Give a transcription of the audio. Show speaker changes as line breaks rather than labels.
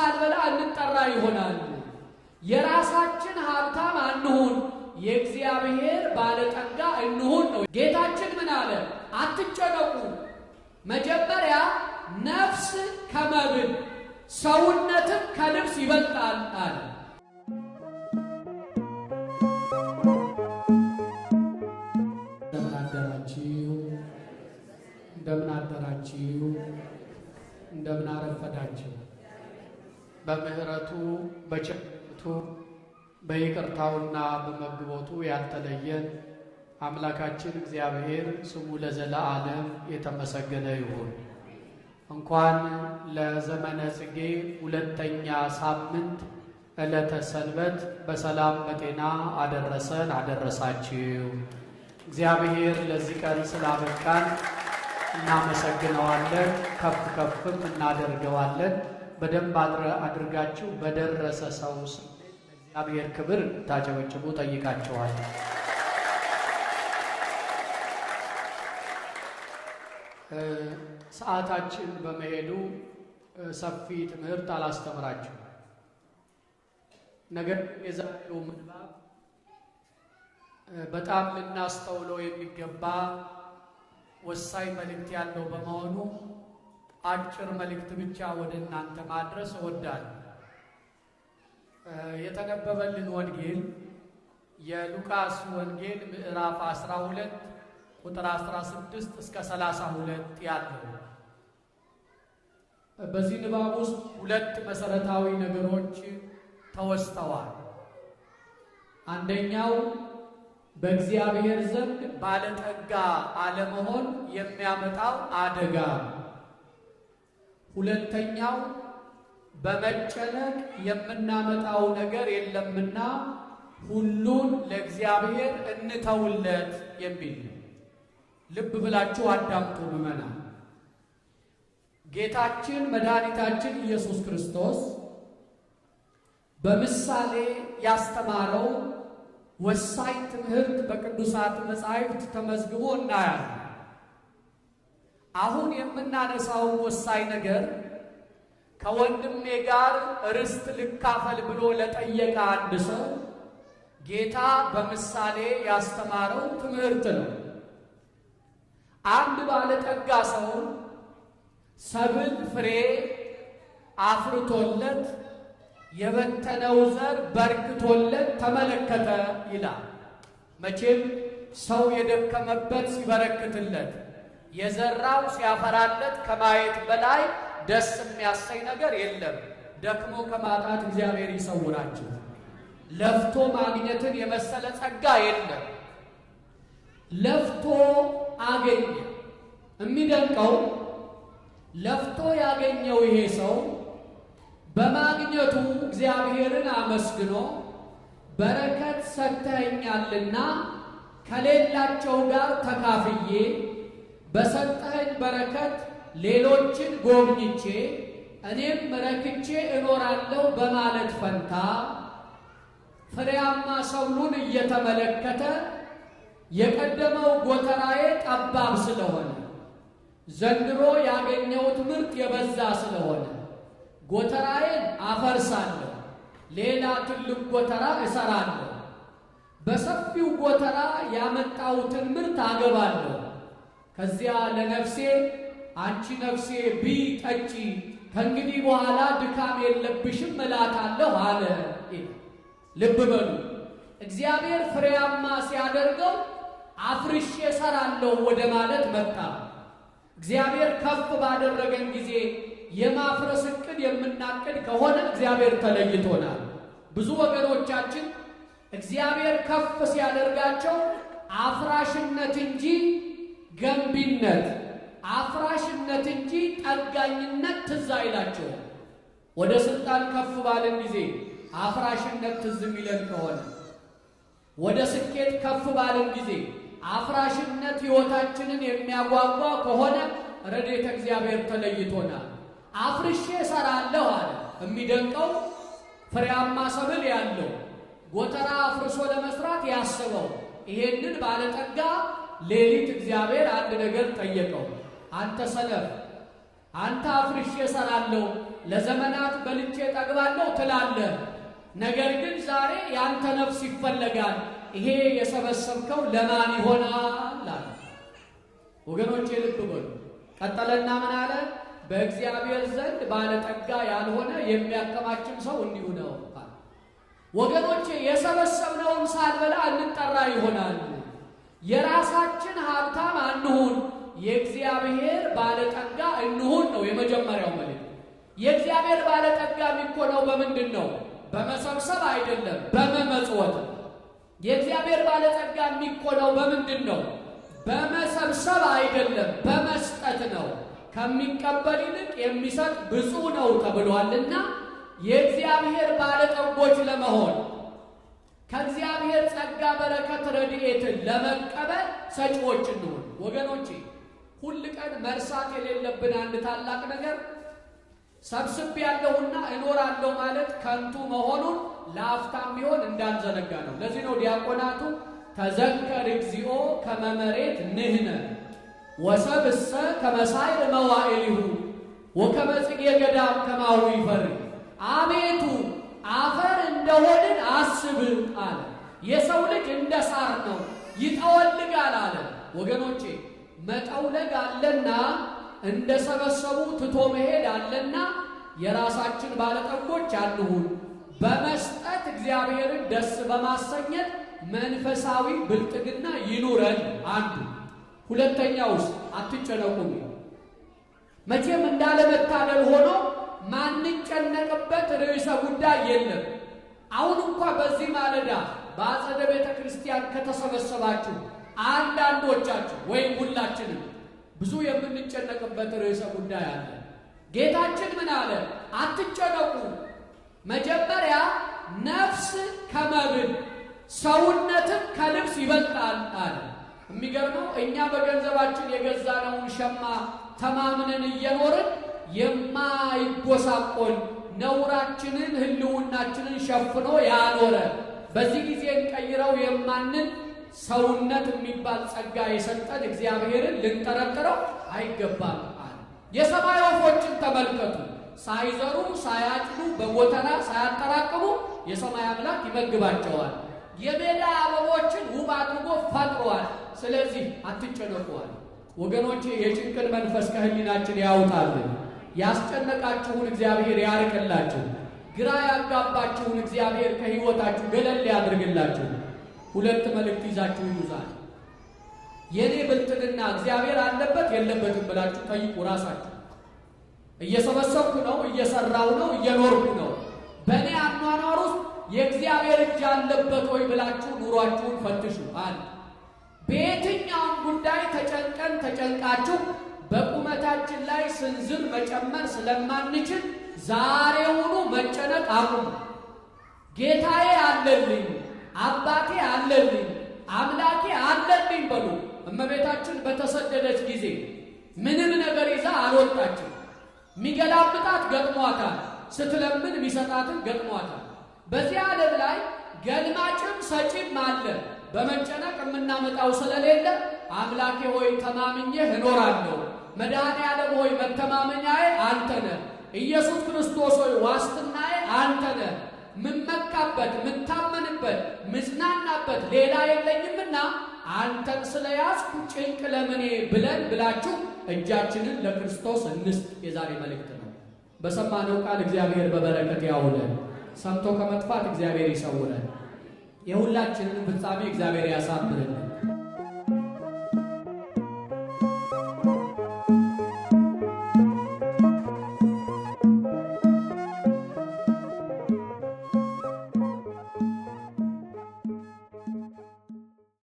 ሳልበላ እንጠራ ይሆናል። የራሳችን ሀብታም አንሁን፣ የእግዚአብሔር ባለጠጋ እንሁን ነው። ጌታችን ምን አለ? አትጨነቁ። መጀመሪያ ነፍስ ከመብል ሰውነትም ከልብስ ይበልጣል አለ።
እንደምን እንደምን አደራችሁ? እንደምን አረፈዳችሁ? በምሕረቱ በቸርነቱ በይቅርታውና በመግቦቱ ያልተለየን አምላካችን እግዚአብሔር ስሙ ለዘለዓለም የተመሰገነ ይሁን። እንኳን ለዘመነ ጽጌ ሁለተኛ ሳምንት ዕለተ ሰንበት በሰላም በጤና አደረሰን አደረሳችሁ። እግዚአብሔር ለዚህ ቀን ስላበቃን እናመሰግነዋለን፣ ከፍ ከፍም እናደርገዋለን። በደንብ አድርጋችሁ በደረሰ ሰው ስም እግዚአብሔር ክብር ታጨበጭቡ ጠይቃችኋል። ሰዓታችን በመሄዱ ሰፊ ትምህርት አላስተምራችሁ። ነገር ግን የዛሬው ምንባብ በጣም ልናስተውለው የሚገባ ወሳኝ መልእክት ያለው በመሆኑ አጭር መልእክት ብቻ ወደ እናንተ ማድረስ እወዳለሁ። የተነበበልን ወንጌል የሉቃስ ወንጌል ምዕራፍ 12 ቁጥር 16 እስከ 32 ያለው። በዚህ ንባብ ውስጥ ሁለት መሰረታዊ ነገሮች ተወስተዋል። አንደኛው በእግዚአብሔር ዘንድ ባለጠጋ አለመሆን የሚያመጣው አደጋ ሁለተኛው በመጨነቅ የምናመጣው ነገር የለምና ሁሉን ለእግዚአብሔር እንተውለት የሚል ነው። ልብ ብላችሁ አዳምጡ ምመና ጌታችን መድኃኒታችን ኢየሱስ ክርስቶስ በምሳሌ ያስተማረው ወሳኝ ትምህርት በቅዱሳት መጻሕፍት ተመዝግቦ እናያለን። አሁን የምናነሳው ወሳኝ ነገር ከወንድሜ ጋር ርስት ልካፈል ብሎ ለጠየቀ አንድ ሰው ጌታ በምሳሌ ያስተማረው ትምህርት ነው። አንድ ባለጠጋ ሰው ሰብል ፍሬ አፍርቶለት የበተነው ዘር በርክቶለት ተመለከተ ይላል። መቼም ሰው የደከመበት ሲበረክትለት የዘራው ሲያፈራለት ከማየት በላይ ደስ የሚያሰኝ ነገር የለም። ደክሞ ከማጣት እግዚአብሔር ይሰውራችሁ። ለፍቶ ማግኘትን የመሰለ ጸጋ የለም። ለፍቶ አገኘ። የሚደንቀው ለፍቶ ያገኘው ይሄ ሰው በማግኘቱ እግዚአብሔርን አመስግኖ በረከት ሰጥተኸኛልና ከሌላቸው ጋር ተካፍዬ በሰጠኸኝ በረከት ሌሎችን ጎብኝቼ እኔም ረክቼ እኖራለሁ በማለት ፈንታ ፍሬያማ ሰብሉን እየተመለከተ የቀደመው ጎተራዬ ጠባብ ስለሆነ ዘንድሮ ያገኘሁት ምርት የበዛ ስለሆነ ጎተራዬን አፈርሳለሁ፣ ሌላ ትልቅ ጎተራ እሰራለሁ፣ በሰፊው ጎተራ ያመጣሁትን ምርት አገባለሁ ከዚያ ለነፍሴ አንቺ ነፍሴ ቢ ጠጪ ከእንግዲህ በኋላ ድካም የለብሽም እላታለሁ አለ። ልብ በሉ እግዚአብሔር ፍሬያማ ሲያደርገው አፍርሼ እሰራለሁ ወደ ማለት መጣ። እግዚአብሔር ከፍ ባደረገን ጊዜ የማፍረስ እቅድ የምናቅድ ከሆነ እግዚአብሔር ተለይቶናል። ብዙ ወገኖቻችን እግዚአብሔር ከፍ ሲያደርጋቸው አፍራሽነት እንጂ ገንቢነት፣ አፍራሽነት እንጂ ጠጋኝነት ትዝ አይላቸው! ወደ ስልጣን ከፍ ባልን ጊዜ አፍራሽነት ትዝ የሚለን ከሆነ ወደ ስኬት ከፍ ባልን ጊዜ አፍራሽነት ሕይወታችንን የሚያጓጓ ከሆነ ረድኤተ እግዚአብሔር ተለይቶናል። አፍርሼ እሰራለሁ አለ። የሚደንቀው ፍሬያማ ሰብል ያለው ጎተራ አፍርሶ ለመስራት ያስበው ይሄንን ባለጠጋ ሌሊት እግዚአብሔር አንድ ነገር ጠየቀው። አንተ ሰነፍ፣ አንተ አፍርሼ እሰራለሁ፣ ለዘመናት በልቼ ጠግባለሁ ትላለህ። ነገር ግን ዛሬ የአንተ ነፍስ ይፈለጋል። ይሄ የሰበሰብከው ለማን ይሆናል አለ። ወገኖቼ ልብ በሉ። ቀጠለና ምን አለ? በእግዚአብሔር ዘንድ ባለጠጋ ያልሆነ የሚያከማችም ሰው እንዲሁ ነው። ወገኖቼ የሰበሰብነውን ሳልበላ እንጠራ ይሆናል። የራሳችን ሀብታም አንሁን፣ የእግዚአብሔር ባለጠጋ እንሁን ነው የመጀመሪያው መልእክት። የእግዚአብሔር ባለጠጋ የሚኮነው በምንድን ነው? በመሰብሰብ አይደለም፣ በመመጽወት። የእግዚአብሔር ባለጠጋ የሚኮነው በምንድን ነው? በመሰብሰብ አይደለም፣ በመስጠት ነው። ከሚቀበል ይልቅ የሚሰጥ ብፁ ነው ተብሏልና የእግዚአብሔር ባለጠጎች ለመሆን ከእግዚአብሔር ጸጋ፣ በረከት፣ ረድኤትን ለመቀበል ሰጪዎች እንሆን። ወገኖቼ ሁል ቀን መርሳት የሌለብን አንድ ታላቅ ነገር ሰብስብ ያለሁና እኖራለሁ ማለት ከንቱ መሆኑን ለአፍታም ቢሆን እንዳንዘነጋ ነው። ለዚህ ነው ዲያቆናቱ ተዘከር እግዚኦ ከመመሬት ንህነ ወሰብሰ ከመሳይል መዋዕሊሁ ወከመ ገዳም ከማሁ ይፈሪ አቤቱ አፈር እንደሆንን አስብ አለ። የሰው ልጅ እንደ ሳር ነው ይጠወልጋል አለ። ወገኖቼ መጠውለግ አለና እንደ ሰበሰቡ ትቶ መሄድ አለና የራሳችን ባለጠጎች አንሁን። በመስጠት እግዚአብሔርን ደስ በማሰኘት መንፈሳዊ ብልጥግና ይኑረን። አንዱ ሁለተኛውስ አትጨነቁም። መቼም እንዳለመታደል ሆኖ ማንጨነቅበት ርዕሰ ጉዳይ የለም። አሁን እንኳ በዚህ ማለዳ በአጸደ ቤተ ክርስቲያን ከተሰበሰባችሁ አንዳንዶቻችሁ ወይም ሁላችንም ብዙ የምንጨነቅበት ርዕሰ ጉዳይ አለ። ጌታችን ምን አለ? አትጨነቁ፣ መጀመሪያ ነፍስ ከመብል ሰውነትም ከልብስ ይበልጣል አለ። የሚገርመው እኛ በገንዘባችን የገዛነውን ሸማ ተማምነን እየኖርን የማይጎሳቆል ነውራችንን ህልውናችንን ሸፍኖ ያኖረ በዚህ ጊዜ እንቀይረው የማንን ሰውነት የሚባል ጸጋ የሰጠን እግዚአብሔርን ልንጠረጥረው አይገባም አለ። የሰማይ ወፎችን ተመልከቱ። ሳይዘሩ ሳያጭዱ በጎተራ ሳያጠራቅሙ የሰማይ አምላክ ይመግባቸዋል። የሜዳ አበቦችን ውብ አድርጎ ፈጥሯል። ስለዚህ አትጨነቁዋል ወገኖቼ፣ የጭንቅን መንፈስ ከህሊናችን ያውጣልን። ያስጨነቃችሁን እግዚአብሔር ያርቅላችሁ፣ ግራ ያጋባችሁን እግዚአብሔር ከሕይወታችሁ ገለል ያድርግላችሁ። ሁለት መልእክት ይዛችሁ ይዙዛል። የእኔ ብልጥግና እግዚአብሔር አለበት የለበትም ብላችሁ ጠይቁ ራሳችሁ። እየሰበሰብኩ ነው፣ እየሰራው ነው፣ እየኖርኩ ነው። በእኔ አኗኗር ውስጥ የእግዚአብሔር እጅ አለበት ወይ ብላችሁ ኑሯችሁን ፈትሹ። አንድ በየትኛውም ጉዳይ ተጨንቀን ተጨንቃችሁ በቁ በህይወታችን ላይ ስንዝር መጨመር ስለማንችል ዛሬውኑ መጨነቅ አቁሙ። ጌታዬ አለልኝ፣ አባቴ አለልኝ፣ አምላኬ አለልኝ በሉ። እመቤታችን በተሰደደች ጊዜ ምንም ነገር ይዛ አልወጣችም። የሚገላብጣት ገጥሟታል። ስትለምን የሚሰጣትን ገጥሟታል። በዚህ ዓለም ላይ ገልማጭም ሰጪም አለ። በመጨነቅ የምናመጣው ስለሌለ አምላኬ ሆይ ተማምኜ እኖራለሁ መድኃኔ ዓለም ሆይ መተማመኛዬ አንተ ነህ። ኢየሱስ ክርስቶስ ሆይ ዋስትናዬ አንተ ነህ። ምመካበት፣ ምታመንበት፣ ምዝናናበት ሌላ የለኝምና አንተን ያዝኩ ጭንቅ ለምኔ ብለን ብላችሁ እጃችንን ለክርስቶስ እንስጥ። የዛሬ መልእክት ነው። በሰማነው ቃል እግዚአብሔር በበረከት ያውለን። ሰምቶ ከመጥፋት እግዚአብሔር ይሰውረን። የሁላችንን ፍጻሜ እግዚአብሔር ያሳምርልን።